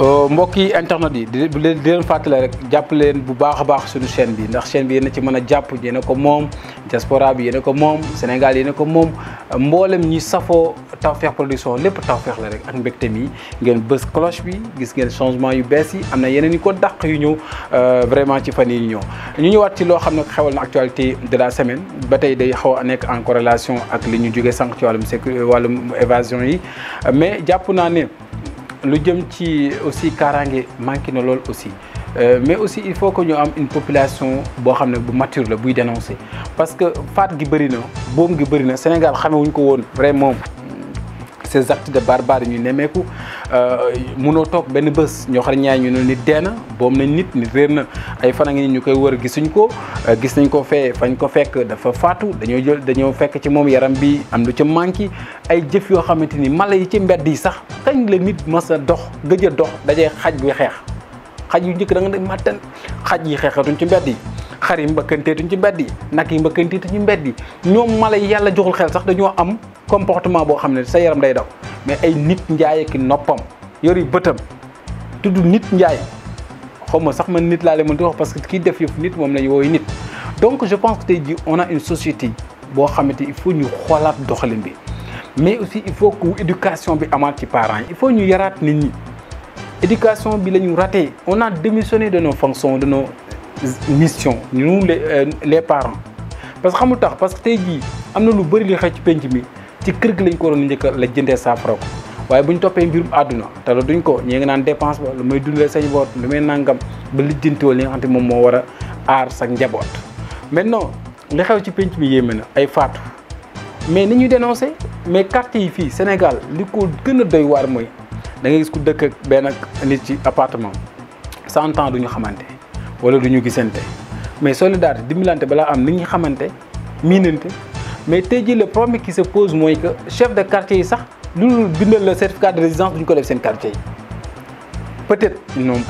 Euh, mbokk yi internet yi di leen di leen fàttale rek jàpp leen bu baax a baax suñu chaîne bi ndax chaîne bi yéen a ci mën a jàpp yéen ko moom diaspora bi yéen a ko moom Sénégal yéen a ko moom mboolem ñi safoo Tawfekh Production lépp Tawfekh la rek ak mbégte mi ngeen bës cloche bi gis ngeen changement yu bees yi am na yeneen yu ko dàq yu ñëw euh, vraiment ci fan yi ñëw ñu ñëwaat ci loo xam ne xewal na actualité de la semaine ba tey day xaw a nekk en corrélation ak li ñu jógee sànq ci wàllum sécu wàllum évasion yi mais jàpp naa ne lu jëm ci aussi kaaraange manqué na lool aussi euh, mais aussi il faut que ñu am une population boo xam ne bu mature la buy dénoncer parce que faat gi bëri na boom gi bëri na Sénégal xamewuñ ko woon moom ces actes de barbarie ñu nemmeeku euh, munoo toog benn bés ñoo xam ne ñu ne nit dee na boobu nañ nit nit réer na ay fan ngi ñu koy wër gisuñ ko euh, gis nañ ko fee fañ ko fekk dafa faatu dañoo jël dañoo fekk ci moom yaram bi am lu ca manqué ay jëf yoo xamante ni mala yi ci mbedd yi sax kañ la nit mas a dox gëj a dox dajee xaj buy xeex xaj yu njëkk da dañ dem màttan xaj yi xeexatuñ ci mbedd yi xar yi mbëkkanteetuñ ci mbedd yi nag yi mbëkkanteetuñ ci mbedd yi ñoom mala yi yàlla joxul xel sax dañoo am comportement boo xam ne sa yaram day daw mais ay nit njaay ki noppam yori bëtam tudd nit njaay xaw ma sax man nit laa leen mën di wax parce que kii def yëfu nit moom la ñu wooyu je pense tey jii on a une société boo xamante il faut ñu xoolaat doxalin bi mais aussi il faut que éducation bi amaat ci parent il faut ñu yaraat nit ñi éducation bi la ñu raté on a démissionné de nos fonctions de nos missions nous les euh, les parents parce que xamul tax parce que tey jii am na lu bëri li xew ci penc mi ci kër gi lañ ko waroon njëkk la jëndee saafara ko waaye bu ñu toppee mbirum àdduna te la duñ ko ñi ngi naan dépense ba lu may dundalee sañ boot lu may nangam ba lijjantiwoo li nga xam te moom moo war a aar sa njaboot. maintenant li xew ci penc mi yéeme na ay faatu mais ni ñuy dénoncé mais quartier yi fii Sénégal li ko gën a doy waar mooy da ngay gis ku dëkk ak benn nit ci appartement cent ans du ñu xamante wala duñu ñu gisante mais solidarité dimbalante balaa am ni ñuy xamante miinante. mais tey jii le problème qui se pose mooy que chef de quartier yi sax lu dul le certificat de résidence duñ ko def seen quartier yi peut-être ils n'ont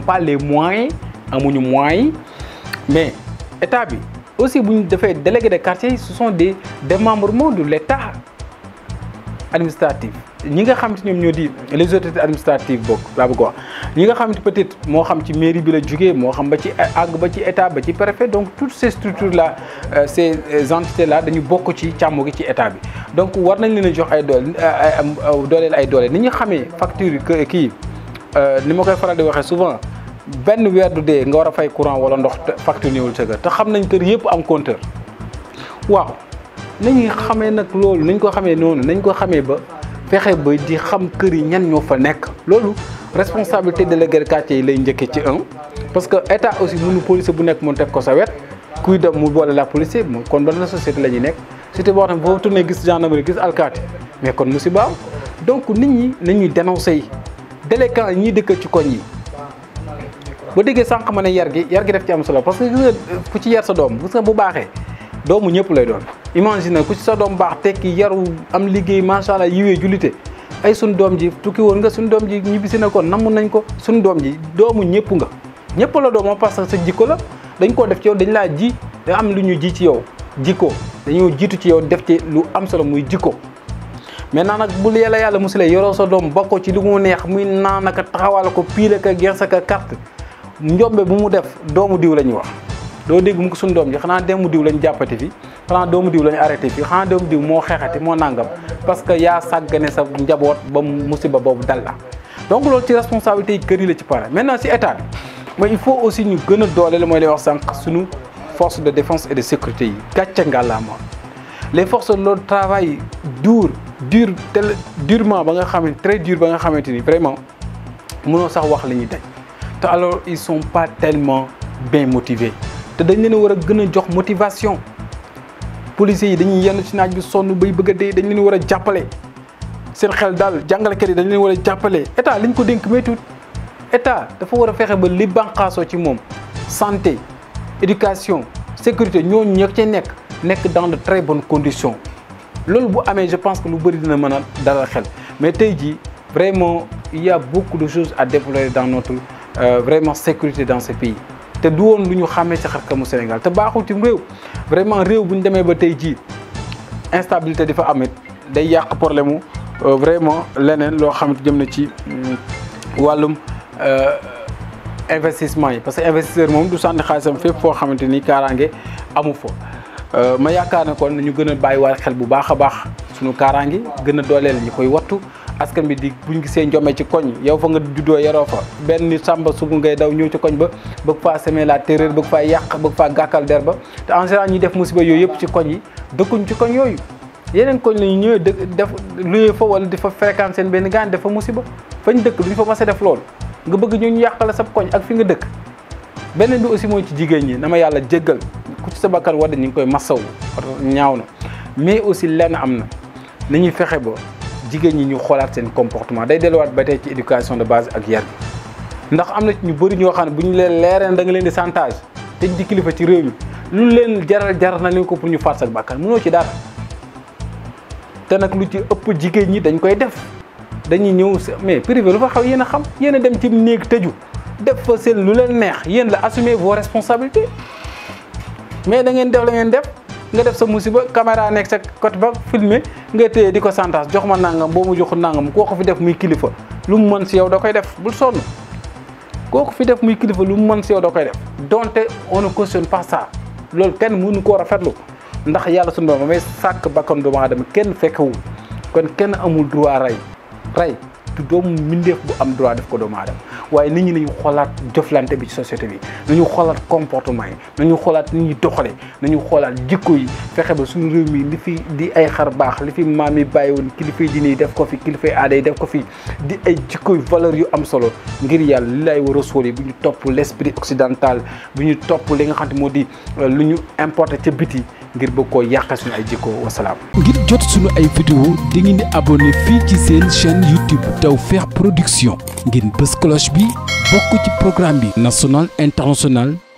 pas les ils n'ont moyens amuñu moyens yi mais état bi aussi bu ñu defee délégué de quartier yi ce sont des démembrements de l'état administratif ñi nga xam te ñoom ñoo di les autorités book bokk laa bëgg wax ñi nga xam te peut-être moo xam ci mairie bi la jugee moo xam ba ci àgg ba ci état ba ci préfet donc toutes ces structures là euh, ces entités la dañu bokk ci càmmo gi ci état bi donc war nañ leen jox ay doole euh, euh, dooleel ay doole ni ñu xamee facture yi kii ni ma koy faral di waxee souvent benn weer du dee nga war a fay courant wala ndox facture ñëwul sa te xam nañ kër yëpp am compteur waaw nañu xamee loolu nañ ko xamee noonu nañ ko xamee ba fexe bay di xam kër yi ñan ñoo fa nekk loolu responsabilité délégué de quartier yi lay njëkkee ci un parce que état aussi mënu policier bu nekk mu teg ko sa wet kuy dem mu boole la policier moom kon ban la société la ñuy nekk société boo xam ne foofu tourné gis gendarmerie gis alkaati mais kon mu si baaw donc nit ñi nañuy dénoncé yi délinquant yi ñuy dëkk ci koñ yi ba déggee sànq ma ne yar gi yar gi def ci am solo parce que gis nga ku ci yar sa doom gis nga bu baaxee doomu ñëpp lay doon. na ku ci sa doom baax tekki yaru am liggéey macha allah yiwee jullite ay suñ doom ji tukki woon nga suñ doom ji ñibbisi na ko namm nañ ko suñ doom ji doomu ñëpp nga ñëpp la doomoo parce que sa jikko la dañ koo def ci yow dañu laa ji da am lu ñu ji ci yow jikko dañoo jiitu ci yow def ci lu am solo muy jikko maintenant nag bu yàlla yàlla musulee yoroo sa doom ba ko ci lu mu neex muy naan naka taxawal ko piile ka gersa ka carte njombe bu mu def doomu diw la ñuy wax doo dégg mu ko suñu doom ji xanaa demu diw lañ jàppati fi xanaa doomu diw lañ arrêté fi xanaa doomu diw moo xeexati moo nangam parce que yaa sàggane sa njaboot ba musiba boobu dal la donc loolu ci responsabilité yi kër yi la ci pare maintenant si état bi mais il faut aussi ñu gën a la mooy lay wax sànq suñu force de défense et de sécurité yi gàcce ngàllaama les forces de l'ordre travail dur dur tel durement ba nga xamante très dur ba nga xamante ni vraiment mënoo sax wax la ñuy daj te alors ils sont pas tellement bien motivés te dañ leen war a gën a jox motivation policiers yi dañuy yenn ci naaj bi sonn bay bëgg a dee dañ leen war a jàppale seen xel daal jàngalekat yi dañ leen war a jàppale état liñ ko dénk méttuut état dafa war a fexe ba li bànqaasoo ci moom santé éducation sécurité ñooñu ñoo cay nekk nekk dans de très bonnes conditions loolu bu amee je pense que lu bëri dina mën a dalal xel mais tey ji vraiment il y a beaucoup de choses à déplorer dans notre euh, vraiment sécurité dans ce pays te du woon lu ñu xàmmee ci xar kamu Sénégal te baaxul ci réew vraiment réew bu ñu demee ba tey jii instabilité dafa fa day yàq problème mu euh, vraiment leneen loo xamante jëm na ci mm, wàllum euh, investissement yi parce que investisseur moom du sànni xaalisam fépp foo xamante ni kaaraange amu fa. Euh, ma yaakaar ne kon ñu gën a bàyyiwaat xel bu baax a baax suñu kaaraangi gën a dooleel ñi koy wattu. askan bi di bu ñu gisee njome ci koñ yow fa nga juddoo yaroo fa benn sàmba sugu ngay daw ñëw ci koñ ba bëgg faa semer la terreur bëgg faa yàq bëgg faa gàkkal der ba te en général ñi def musiba yooyu yëpp ci koñ yi dëkkuñ ci koñ yooyu yeneen koñ lañu ñëwee dëkk def luyee fa wala di fa fréquence seen benn gaan dafa musiba fañ dëkk duñ fa mas a def lool nga bëgg ñëw ñu yàq la sab koñ ak fi nga dëkk beneen bi aussi mooy ci jigéen ñi na ma yàlla jéggal ku ci sa bakkan wadde ñu ngi koy massaw ñaaw na mais aussi lenn am na nañuy fexe ba jigéen ñi ñu xoolaat seen comportement day delluwaat ba tey ci éducation de base ak yar bi ndax am na ñu bëri ñoo xam bu ñu leen leereen da nga leen di chantage te di kilifa ci réew mi lu leen jaral jaral na leen ko pour ñu faat ak bàkkan mënoo ci dara te nag lu ci ëpp jigéen ñi dañ koy def dañuy ñëw mais privé lu fa xaw yéen a xam yéen a dem ci néeg tëju def fa seen lu leen neex yéen la assumer vos responsabilités mais da ngeen def la ngeen def. nga def sa musiba caméra nekk sa côté ba filmer nga téye di ko santaas jox ma nangam boo mu joxul nangam koo ko fi def muy kilifa lu mu mën si yow da koy def bul sonn koo fi def muy kilifa lu mu mën si yow da koy def donte on ne cautionne pas ça loolu kenn mënu koo rafetlu ndax yàlla suñu borom may sàkk bakkan doomu aadama kenn fekkewu kon kenn amul droit rey rey du doomu mbindeef bu am droit def ko doomu aadama waaye nit ñi nañu xoolaat joflante bi ci société bi nañu xoolaat comportement yi nañu xoolaat ni ñuy doxale nañu xoolaat jikko yi fexe ba suñu réew mii li fi di ay xar baax li fi maam yi bàyyi woon kilifay diine yi def ko fi kilifay aada yi def ko fi di ay jikko yu valeur yu am solo ngir yàlla li lay war a sóor yi bu ñu topp l' esprit bu ñu topp li nga xam ne moo di euh, lu ñu importé ca biti ngir bëgg koo yàqal ay jikko wasalaam. ngir jot suñu ay vidéo di ngeen di abonné fii ci seen chaîne YouTube Tawfekh Production ngeen bës cloche bi bokk ci programme bi national international.